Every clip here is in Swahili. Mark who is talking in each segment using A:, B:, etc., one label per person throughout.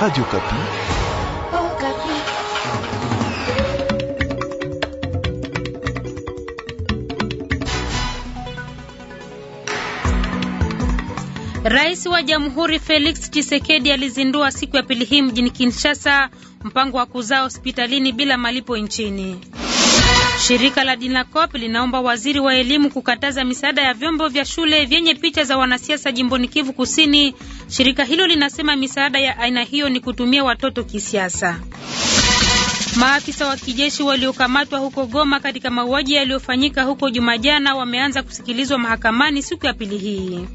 A: Radio Kapi.
B: Oh, Kapi.
A: Rais wa Jamhuri Felix Tshisekedi alizindua siku ya pili hii mjini Kinshasa mpango wa kuzaa hospitalini bila malipo nchini. Shirika la DINACOP linaomba waziri wa elimu kukataza misaada ya vyombo vya shule vyenye picha za wanasiasa jimboni Kivu Kusini. Shirika hilo linasema misaada ya aina hiyo ni kutumia watoto kisiasa. Maafisa wa kijeshi waliokamatwa huko Goma katika mauaji yaliyofanyika huko Jumajana wameanza kusikilizwa mahakamani siku ya pili hii.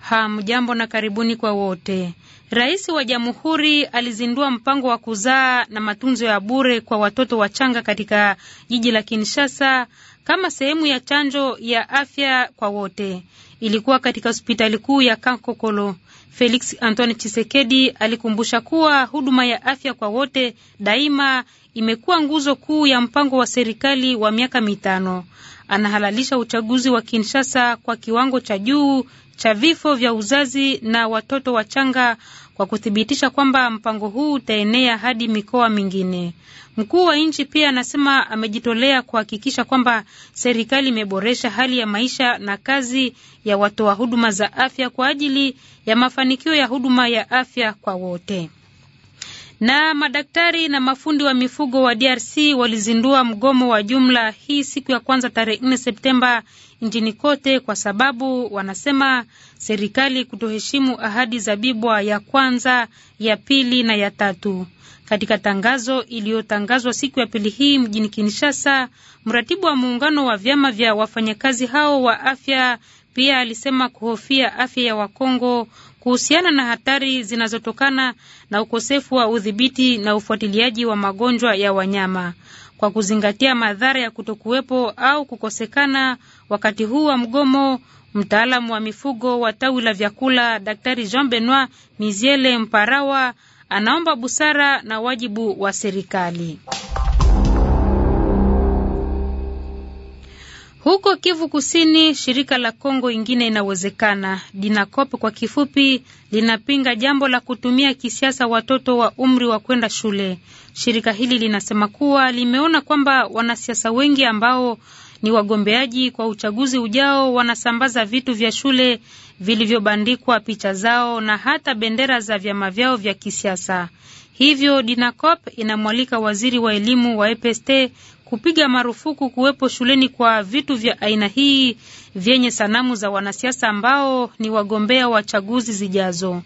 A: Hamjambo na karibuni kwa wote. Rais wa Jamhuri alizindua mpango wa kuzaa na matunzo ya bure kwa watoto wachanga katika jiji la Kinshasa kama sehemu ya chanjo ya afya kwa wote. Ilikuwa katika hospitali kuu ya Kankokolo. Felix Antoine chisekedi alikumbusha kuwa huduma ya afya kwa wote daima imekuwa nguzo kuu ya mpango wa serikali wa miaka mitano anahalalisha uchaguzi wa Kinshasa kwa kiwango cha juu cha vifo vya uzazi na watoto wachanga kwa kuthibitisha kwamba mpango huu utaenea hadi mikoa mingine. Mkuu wa nchi pia anasema amejitolea kuhakikisha kwamba serikali imeboresha hali ya maisha na kazi ya watoa huduma za afya kwa ajili ya mafanikio ya huduma ya afya kwa wote. Na madaktari na mafundi wa mifugo wa DRC walizindua mgomo wa jumla hii siku ya kwanza tarehe 4 Septemba nchini kote kwa sababu wanasema serikali kutoheshimu ahadi za Bibwa ya kwanza, ya pili na ya tatu. Katika tangazo iliyotangazwa siku ya pili hii mjini Kinshasa, mratibu wa muungano wa vyama vya wafanyakazi hao wa afya pia alisema kuhofia afya ya Wakongo kuhusiana na hatari zinazotokana na ukosefu wa udhibiti na ufuatiliaji wa magonjwa ya wanyama kwa kuzingatia madhara ya kutokuwepo au kukosekana wakati huu wa mgomo. Mtaalamu wa mifugo wa tawi la vyakula Daktari Jean Benoit Miziele Mparawa anaomba busara na wajibu wa serikali. Huko Kivu Kusini, shirika la Kongo ingine inawezekana DINACOP kwa kifupi, linapinga jambo la kutumia kisiasa watoto wa umri wa kwenda shule. Shirika hili linasema kuwa limeona kwamba wanasiasa wengi ambao ni wagombeaji kwa uchaguzi ujao wanasambaza vitu vya shule vilivyobandikwa picha zao na hata bendera za vyama vyao vya kisiasa. Hivyo DINACOP inamwalika waziri wa elimu wa EPST kupiga marufuku kuwepo shuleni kwa vitu vya aina hii vyenye sanamu za wanasiasa ambao ni wagombea wa chaguzi zijazo.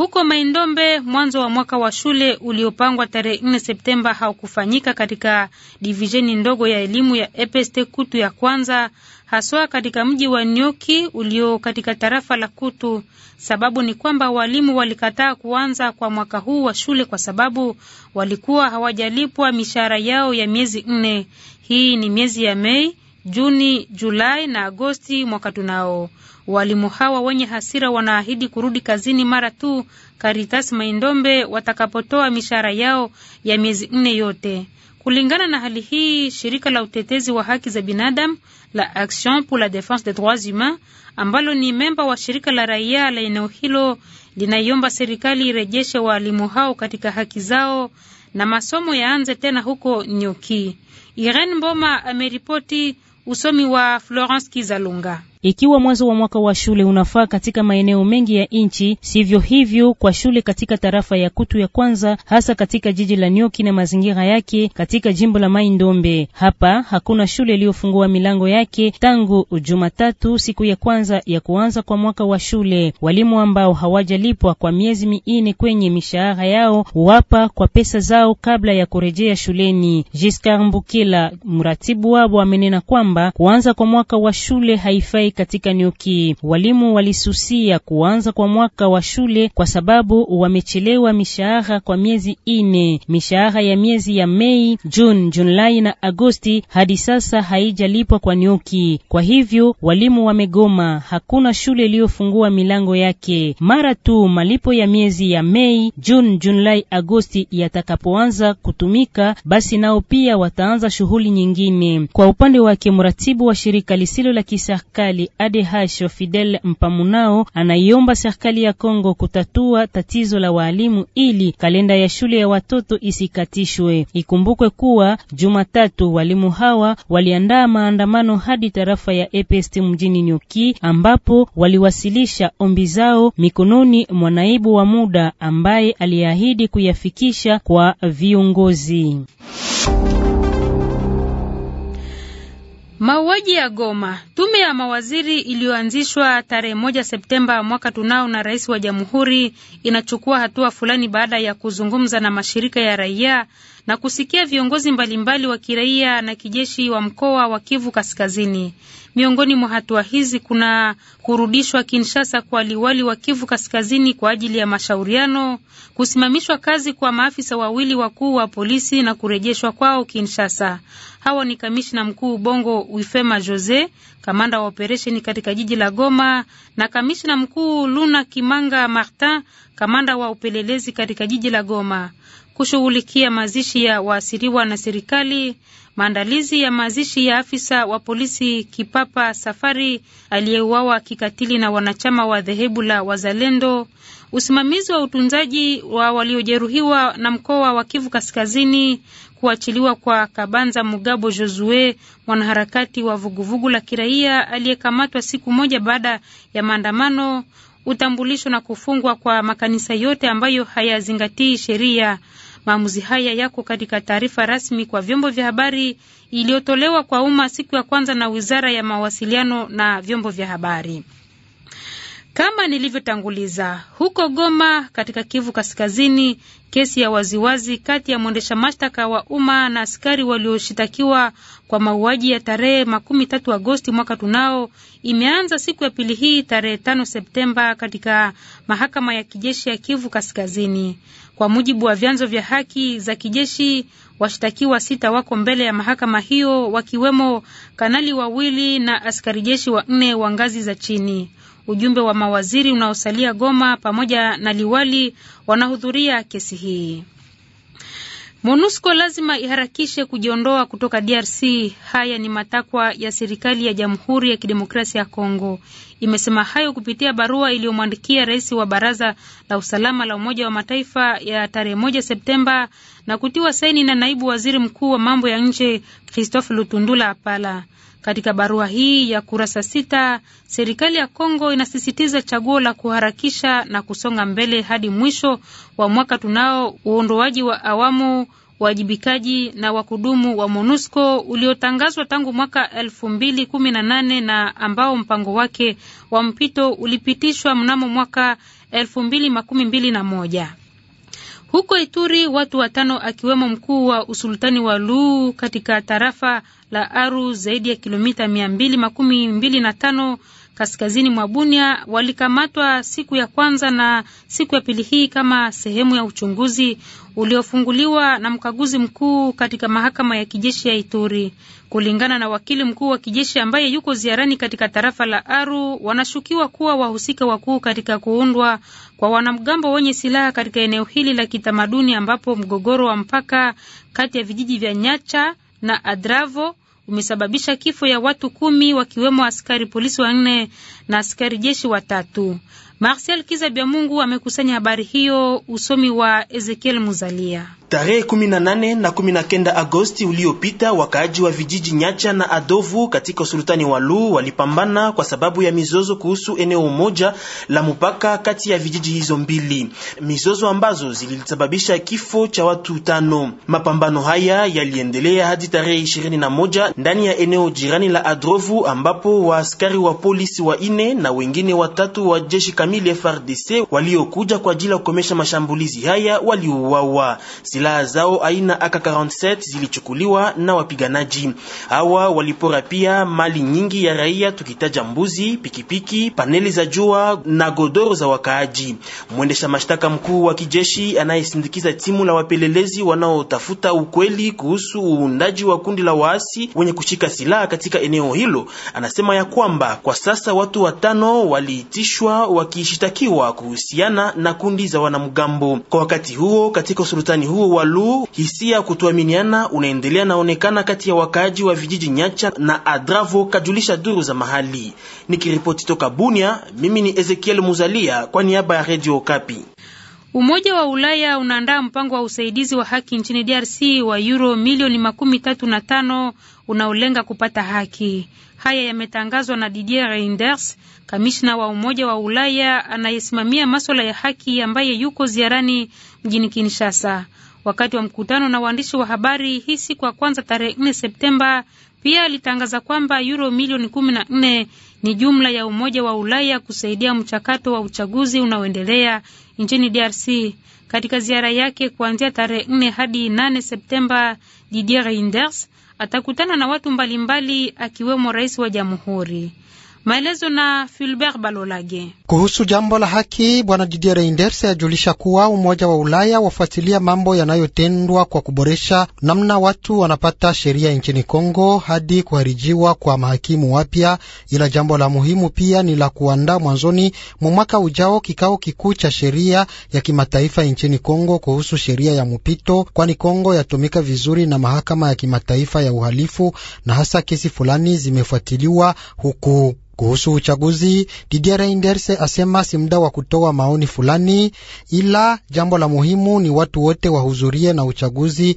A: Huko Maindombe, mwanzo wa mwaka wa shule uliopangwa tarehe 4 Septemba haukufanyika katika divisheni ndogo ya elimu ya EPST Kutu ya kwanza, haswa katika mji wa Nyoki ulio katika tarafa la Kutu. Sababu ni kwamba walimu walikataa kuanza kwa mwaka huu wa shule kwa sababu walikuwa hawajalipwa mishahara yao ya miezi nne. Hii ni miezi ya Mei, Juni, Julai na Agosti mwaka tunao. Walimu hawa wenye hasira wanaahidi kurudi kazini mara tu karitas Maindombe watakapotoa mishahara yao ya miezi nne yote. Kulingana na hali hii, shirika la utetezi wa haki za binadamu la Action pour la Defense des Droits Humains ambalo ni memba wa shirika la raia la eneo hilo linaiomba serikali irejeshe waalimu hao katika haki zao na masomo yaanze tena huko Nyoki. Irene Mboma ameripoti. Usomi wa Florence Kizalunga
C: ikiwa mwanzo wa mwaka wa shule unafaa katika maeneo mengi ya nchi, sivyo hivyo kwa shule katika tarafa ya Kutu ya kwanza, hasa katika jiji la nyoki na mazingira yake katika jimbo la Mai Ndombe. Hapa hakuna shule iliyofungua milango yake tangu Jumatatu, siku ya kwanza ya kuanza kwa mwaka wa shule. Walimu ambao hawajalipwa kwa miezi minne kwenye mishahara yao wapa kwa pesa zao kabla ya kurejea shuleni. Jiskar Mbukila, mratibu wabo amenena kwamba kuanza kwa mwaka wa shule haifai katika nyuki Walimu walisusia kuanza kwa mwaka wa shule kwa sababu wamechelewa mishahara kwa miezi ine. Mishahara ya miezi ya Mei, Juni, Julai na Agosti hadi sasa haijalipwa kwa nyuki Kwa hivyo walimu wamegoma, hakuna shule iliyofungua milango yake. Mara tu malipo ya miezi ya Mei, Juni, Julai, Agosti yatakapoanza kutumika, basi nao pia wataanza shughuli nyingine. Kwa upande wake, mratibu wa shirika lisilo la kiserikali Kanali ADH Fidel Mpamunao anaiomba serikali ya Kongo kutatua tatizo la waalimu ili kalenda ya shule ya watoto isikatishwe. Ikumbukwe kuwa Jumatatu walimu hawa waliandaa maandamano hadi tarafa ya EPST mjini Nyoki ambapo waliwasilisha ombi zao mikononi mwa naibu wa muda ambaye aliahidi kuyafikisha kwa viongozi.
A: Mauaji ya Goma. Tume ya mawaziri iliyoanzishwa tarehe moja Septemba mwaka tunao na rais wa jamhuri inachukua hatua fulani baada ya kuzungumza na mashirika ya raia na kusikia viongozi mbalimbali wa kiraia na kijeshi wa mkoa wa Kivu Kaskazini. Miongoni mwa hatua hizi kuna kurudishwa Kinshasa kwa liwali wa Kivu Kaskazini kwa ajili ya mashauriano, kusimamishwa kazi kwa maafisa wawili wakuu wa polisi na kurejeshwa kwao Kinshasa. Hawa ni kamishna mkuu Bongo Wifema Jose, kamanda wa operesheni katika jiji la Goma, na kamishna mkuu Luna Kimanga Martin, kamanda wa upelelezi katika jiji la Goma, kushughulikia mazishi ya waasiriwa na serikali maandalizi ya mazishi ya afisa wa polisi Kipapa Safari aliyeuawa kikatili na wanachama wa dhehebu la Wazalendo, usimamizi wa utunzaji wa waliojeruhiwa na mkoa wa Kivu Kaskazini, kuachiliwa kwa Kabanza Mugabo Josue, mwanaharakati wa vuguvugu la kiraia aliyekamatwa siku moja baada ya maandamano, utambulisho na kufungwa kwa makanisa yote ambayo hayazingatii sheria. Maamuzi haya yako katika taarifa rasmi kwa vyombo vya habari iliyotolewa kwa umma siku ya kwanza na Wizara ya Mawasiliano na Vyombo vya Habari. Kama nilivyotanguliza huko Goma katika Kivu Kaskazini, kesi ya waziwazi kati ya mwendesha mashtaka wa umma na askari walioshitakiwa kwa mauaji ya tarehe makumi tatu Agosti mwaka tunao imeanza siku ya pili hii tarehe tano Septemba katika mahakama ya kijeshi ya Kivu Kaskazini. Kwa mujibu wa vyanzo vya haki za kijeshi, washtakiwa sita wako mbele ya mahakama hiyo, wakiwemo kanali wawili na askari jeshi wanne wa ngazi za chini. Ujumbe wa mawaziri unaosalia Goma pamoja na liwali wanahudhuria kesi hii. MONUSCO lazima iharakishe kujiondoa kutoka DRC. Haya ni matakwa ya serikali ya Jamhuri ya Kidemokrasia ya Kongo. Imesema hayo kupitia barua iliyomwandikia rais wa Baraza la Usalama la Umoja wa Mataifa ya tarehe moja Septemba na kutiwa saini na naibu waziri mkuu wa mambo ya nje Christophe Lutundula Apala. Katika barua hii ya kurasa sita, serikali ya Kongo inasisitiza chaguo la kuharakisha na kusonga mbele hadi mwisho wa mwaka tunao uondoaji wa awamu wajibikaji na wa kudumu wa MONUSCO uliotangazwa tangu mwaka elfu mbili kumi na nane na ambao mpango wake wa mpito ulipitishwa mnamo mwaka elfu mbili makumi mbili na moja. Huko Ituri watu watano akiwemo mkuu wa usultani wa Luu katika tarafa la Aru zaidi ya kilomita mia mbili makumi mbili na tano kaskazini mwa Bunia walikamatwa siku ya kwanza na siku ya pili hii kama sehemu ya uchunguzi uliofunguliwa na mkaguzi mkuu katika mahakama ya kijeshi ya Ituri. Kulingana na wakili mkuu wa kijeshi ambaye yuko ziarani katika tarafa la Aru, wanashukiwa kuwa wahusika wakuu katika kuundwa kwa wanamgambo wenye silaha katika eneo hili la kitamaduni ambapo mgogoro wa mpaka kati ya vijiji vya Nyacha na Adravo umesababisha kifo ya watu kumi wakiwemo askari polisi wanne na askari jeshi watatu. Marcel Kizabia Mungu amekusanya habari hiyo, usomi wa Ezekiel Muzalia.
D: Tarehe 18 na 19 Agosti uliopita wakaaji wa vijiji Nyacha na Adovu katika usultani wa Lu walipambana kwa sababu ya mizozo kuhusu eneo moja la mpaka kati ya vijiji hizo mbili, mizozo ambazo zilisababisha kifo cha watu tano. Mapambano haya yaliendelea hadi tarehe 21 ndani ya eneo jirani la Adrovu, ambapo waaskari wa polisi wa ine na wengine watatu wa jeshi kamili FRDC waliokuja kwa ajili ya kukomesha mashambulizi haya waliuawa. Silaha zao aina AK47 zilichukuliwa na wapiganaji hawa. Walipora pia mali nyingi ya raia, tukitaja mbuzi, pikipiki, paneli za jua na godoro za wakaaji. Mwendesha mashtaka mkuu wa kijeshi anayesindikiza timu la wapelelezi wanaotafuta ukweli kuhusu uundaji wa kundi la waasi wenye kushika silaha katika eneo hilo anasema ya kwamba kwa sasa watu watano waliitishwa waki akishitakiwa kuhusiana na kundi za wanamgambo. Kwa wakati huo, katika usultani huo wa Lu, hisia ya kutuaminiana unaendelea naonekana kati ya wakaaji wa vijiji Nyacha na Adravo, kajulisha duru za mahali. Nikiripoti toka Bunia, mimi ni Ezekiel Muzalia kwa niaba ya Radio Kapi.
A: Umoja wa Ulaya unaandaa mpango wa usaidizi wa haki nchini DRC wa euro milioni makumi tatu na tano unaolenga kupata haki. Haya yametangazwa na Didier Reinders, kamishna wa Umoja wa Ulaya anayesimamia maswala ya haki, ambaye yuko ziarani mjini Kinshasa wakati wa mkutano na waandishi wa habari hii siku ya kwanza tarehe 4 Septemba. Pia alitangaza kwamba euro milioni 14 ni jumla ya Umoja wa Ulaya kusaidia mchakato wa uchaguzi unaoendelea nchini DRC. Katika ziara yake kuanzia tarehe 4 hadi 8 Septemba, Didier Reinders atakutana na watu mbalimbali akiwemo rais wa jamhuri. Maelezo na Fulbert Balolage.
E: Kuhusu jambo la haki, Bwana Didier Reinders ajulisha kuwa Umoja wa Ulaya wafuatilia mambo yanayotendwa kwa kuboresha namna watu wanapata sheria nchini Kongo hadi kuharijiwa kwa mahakimu wapya, ila jambo la muhimu pia ni la kuandaa mwanzoni mwa mwaka ujao kikao kikuu cha sheria ya kimataifa nchini Kongo kuhusu sheria ya mpito, kwani Kongo yatumika vizuri na mahakama ya kimataifa ya uhalifu na hasa kesi fulani zimefuatiliwa huku kuhusu uchaguzi, Didier Reinders asema si muda wa kutoa maoni fulani, ila jambo la muhimu ni watu wote wahudhurie na uchaguzi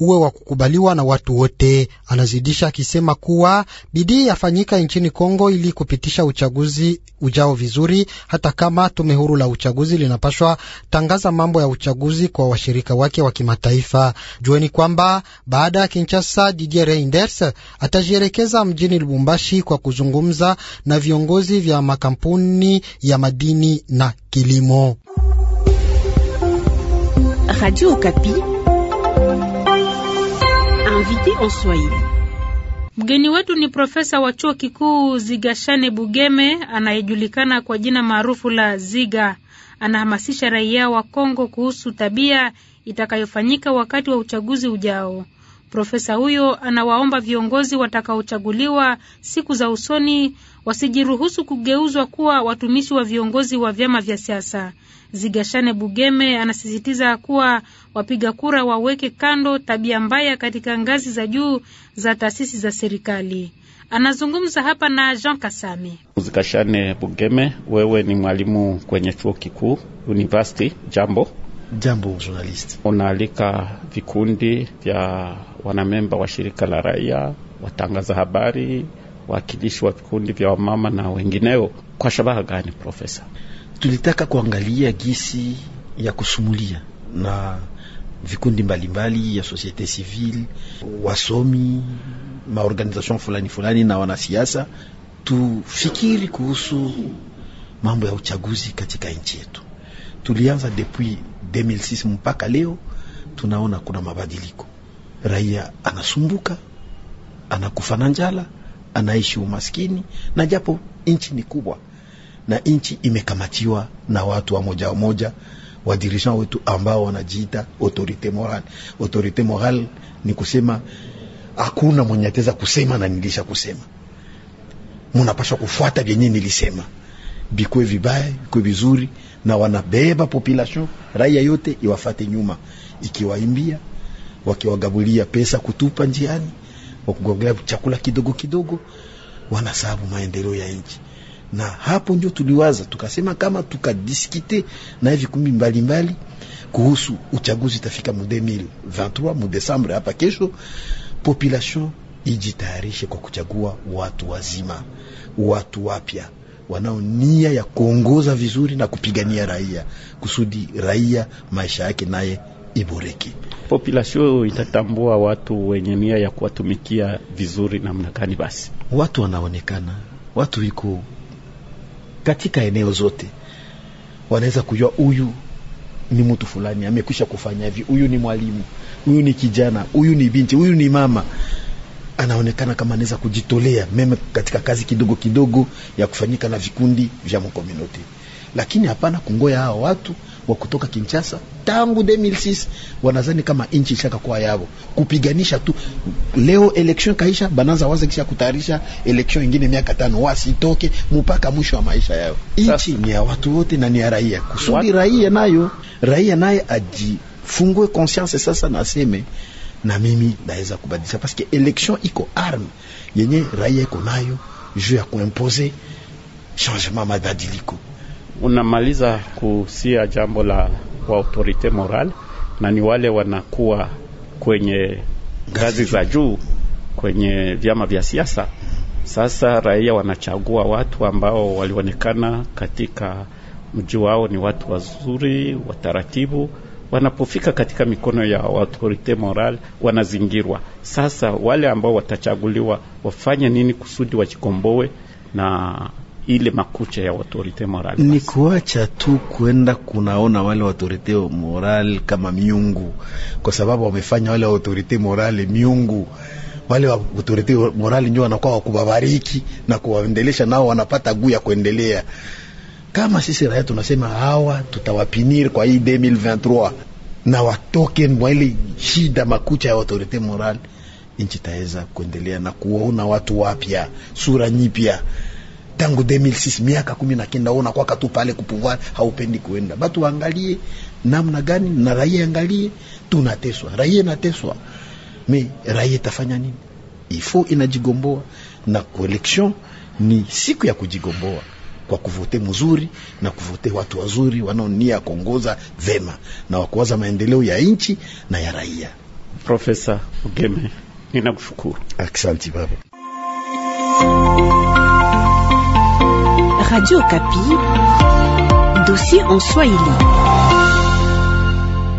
E: uwe wa kukubaliwa na watu wote. Anazidisha akisema kuwa bidii yafanyika nchini Kongo ili kupitisha uchaguzi ujao vizuri, hata kama tume huru la uchaguzi linapashwa tangaza mambo ya uchaguzi kwa washirika wake wa kimataifa. Jueni kwamba baada ya Kinshasa, Didier Reinders atajielekeza mjini Lubumbashi kwa kuzungumza na viongozi vya makampuni ya madini na kilimo. Radio Kapi. Invité
A: en Swahili. Mgeni wetu ni profesa wa chuo kikuu Zigashane Bugeme anayejulikana kwa jina maarufu la Ziga. Anahamasisha raia wa Kongo kuhusu tabia itakayofanyika wakati wa uchaguzi ujao. Profesa huyo anawaomba viongozi watakaochaguliwa siku za usoni wasijiruhusu kugeuzwa kuwa watumishi wa viongozi wa vyama vya siasa. Zigashane Bugeme anasisitiza kuwa wapiga kura waweke kando tabia mbaya katika ngazi za juu za taasisi za serikali. Anazungumza hapa na Jean Kasami.
B: Zigashane Bugeme, wewe ni mwalimu kwenye chuo kikuu university. Jambo. Jambo journalist. Unaalika vikundi vya wanamemba wa shirika la raia, watangaza habari, wawakilishi wa vikundi vya wamama na wengineo, kwa shabaha gani, Profesa? tulitaka kuangalia gisi ya
F: kusumulia na vikundi mbalimbali mbali ya societe civile, wasomi, maorganization fulani fulani na wanasiasa, tufikiri kuhusu mambo ya uchaguzi katika nchi yetu. Tulianza depuis 2006 mpaka leo, tunaona kuna mabadiliko. Raia anasumbuka, anakufa na njala, anaishi umaskini, na japo nchi ni kubwa na nchi imekamatiwa na watu wa moja wa moja wa dirigeant wetu ambao wanajiita autorite morale. Autorite morale ni kusema hakuna mwenye ataweza kusema na nilisha kusema, munapasha kufuata vyenye nilisema, bikwe vibaya bikwe vizuri, na wanabeba population raia yote iwafate nyuma, ikiwaimbia wakiwagabulia pesa kutupa njiani, wakugogea chakula kidogo kidogo, wanasabu maendeleo ya nchi na hapo ndio tuliwaza tukasema, kama tukadiskite na hivi kumbi mbalimbali kuhusu uchaguzi itafika mu 2023 mu Desembre hapa kesho, population ijitayarishe kwa kuchagua watu wazima, watu wapya wanao nia ya kuongoza vizuri na kupigania raia, kusudi raia
B: maisha yake naye iboreke. Population itatambua watu wenye nia ya kuwatumikia vizuri namna gani? Basi watu wanaonekana, watu iko katika eneo zote, wanaweza kujua huyu ni
F: mtu fulani amekwisha kufanya hivi, huyu ni mwalimu, huyu ni kijana, huyu ni binti, huyu ni mama, anaonekana kama anaweza kujitolea meme katika kazi kidogo kidogo ya kufanyika na vikundi vya mkomuniti, lakini hapana kungoya hao watu wa kutoka Kinshasa tangu 2006 wanazani kama inchi shaka kwa yao kupiganisha tu. Leo election kaisha, bananza waza kisha kutayarisha election ingine miaka tano, wasitoke mpaka mwisho wa maisha yao. Inchi ni ya watu wote na ni ya raia, kusudi raia nayo raia naye ajifungue conscience sasa, naseme na mimi naweza kubadilisha, parce que election iko arme yenye raia iko nayo juu ya kuimpose
B: changement mabadiliko unamaliza kusia jambo la wa autorite moral, na ni wale wanakuwa kwenye ngazi za juu kwenye vyama vya siasa. Sasa raia wanachagua watu ambao walionekana katika mji wao ni watu wazuri wataratibu. Wanapofika katika mikono ya autorite moral, wanazingirwa. Sasa wale ambao watachaguliwa wafanye nini kusudi wajikomboe na ile makucha ya autorite moral
F: ni kuacha tu kwenda kunaona wale autorite moral kama miungu, kwa sababu wamefanya wale autorite moral miungu. Wale autorite moral ndio wanakuwa wakubabariki na kuwaendelesha, nao wanapata guu ya kuendelea. Kama sisi raia tunasema hawa tutawapinir kwa hii 2023 na watoke mwa ile shida makucha ya autorite moral, nchi taweza kuendelea na kuona watu wapya, sura nyipya tangu 2006 miaka kumi na kenda unakwaka pale kupuvwara, haupendi kuenda. Batu waangalie namna gani, na raia angalie, tunateswa, raia nateswa, me raia itafanya nini? Ifo inajigomboa na kueleksyon ni siku ya kujigomboa kwa kuvote mzuri na kuvote watu wazuri wanaonia kuongoza vema na wakuwaza maendeleo ya nchi na ya raia. Profesa Ugeme, ninakushukuru. Asante baba.
C: Radio Kapi, dossier en Swahili.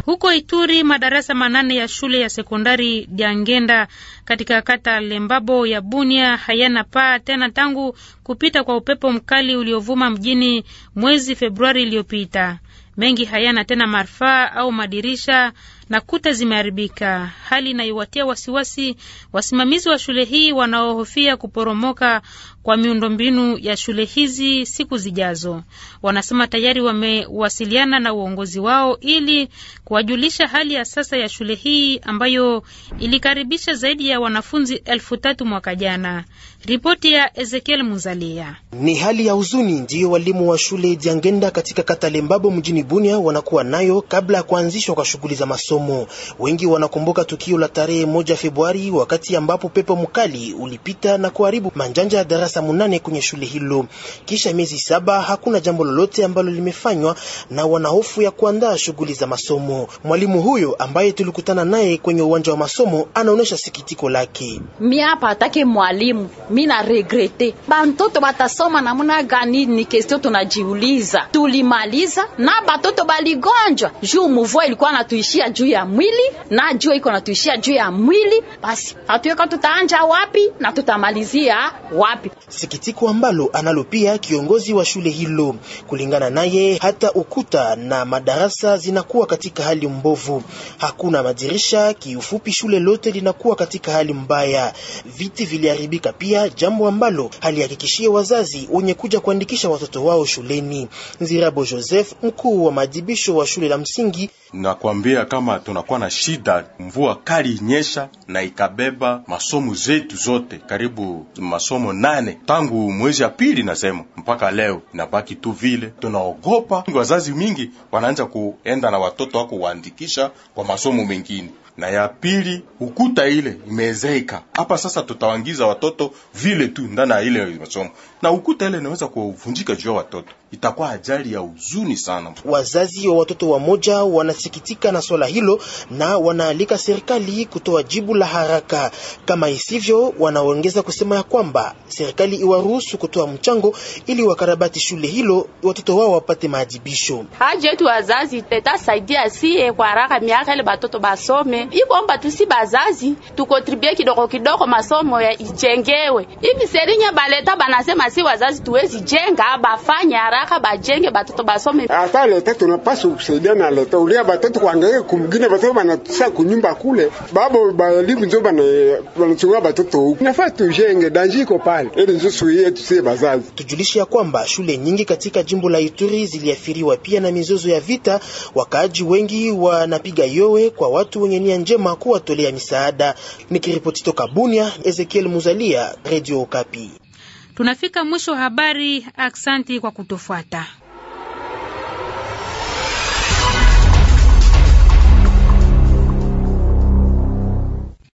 A: Huko Ituri madarasa manane ya shule ya sekondari Jangenda katika kata Lembabo ya Bunia hayana paa tena tangu kupita kwa upepo mkali uliovuma mjini mwezi Februari iliyopita. Mengi hayana tena marfaa au madirisha na kuta zimeharibika, hali inayowatia wasiwasi wasimamizi wa shule hii wanaohofia kuporomoka kwa miundombinu ya shule hizi siku zijazo. Wanasema tayari wamewasiliana na uongozi wao ili kuwajulisha hali ya sasa ya shule hii ambayo ilikaribisha zaidi ya wanafunzi elfu tatu mwaka jana. Ripoti ya Ezekiel Muzalia.
D: Ni hali ya huzuni ndiyo walimu wa shule Jangenda katika kata Lembabo mjini Bunia wanakuwa nayo kabla ya kuanzishwa kwa shughuli za masomo. Wengi wanakumbuka tukio la tarehe moja Februari wakati ambapo pepo mkali ulipita na kuharibu manjanja ya darasa munane kwenye shule hilo. Kisha miezi saba hakuna jambo lolote ambalo limefanywa na wanahofu ya kuandaa shughuli za masomo. Mwalimu huyo ambaye tulikutana naye kwenye uwanja wa masomo anaonyesha sikitiko lake.
A: Mimi hapa atake mwalimu mina regrete bantoto batasoma namuna gani? Ni kestio tunajiuliza. Tulimaliza na batoto baligonjwa juu muvua ilikuwa natuishia juu ya mwili na jua iko natuishia juu ya mwili, basi hatuyeka tutaanja wapi na tutamalizia
D: wapi? Sikitiko ambalo analopia kiongozi wa shule hilo. Kulingana naye, hata ukuta na madarasa zinakuwa katika hali mbovu, hakuna madirisha. Kiufupi, shule lote linakuwa katika hali mbaya, viti viliharibika pia afya, jambo ambalo halihakikishie wazazi wenye kuja kuandikisha watoto wao shuleni. Nzirabo Joseph, mkuu wa majibisho wa shule la msingi: nakwambia kama tunakuwa na shida, mvua kali inyesha na ikabeba masomo zetu zote, karibu masomo nane tangu mwezi ya pili, nasema mpaka leo inabaki tu vile. Tunaogopa wazazi mingi wanaanza kuenda na watoto wako waandikisha kwa masomo mengine na ya pili ukuta ile imezeeka hapa. Sasa tutawangiza watoto vile tu ndani ya ile masomo, na ukuta ile inaweza kuvunjika juu ya watoto, itakuwa ajali ya huzuni sana. Wazazi wa watoto wamoja wanasikitika na swala hilo, na wanaalika serikali kutoa jibu la haraka. Kama isivyo, wanaongeza kusema ya kwamba serikali iwaruhusu kutoa mchango ili wakarabati shule hilo, watoto wao wapate maajibisho.
A: Haje tu wazazi tetasaidia sie kwa haraka miaka ile watoto basome ikomba tusi bazazi tukontribue kidogo kidogo, masomo ya ijengewe hivi. Serinya baleta banasema si wazazi tuwezi jenga, bafanye haraka bajenge batoto basome.
B: Hata leta tunapaswa kusaidia na leta ulia batoto kuangalia kumgine batoto banatusa kunyumba kule, babo balimu njo
D: banachunga batoto huku. Nafaa tujenge danji iko pale, ili njo suie tusie bazazi. Tujulishe ya kwamba shule nyingi katika jimbo la Ituri ziliathiriwa pia na mizozo ya vita. Wakaaji wengi wanapiga yowe kwa watu wenye nia njema kuwatolea misaada. Nikiripoti toka Bunia, Ezekiel Muzalia, Radio Okapi.
A: Tunafika mwisho habari. Aksanti kwa kutofuata.